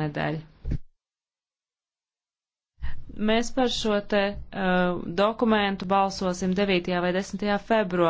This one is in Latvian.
nedēļa. Mēs par šo te uh, dokumentu balsosim 9. vai 10. februārā.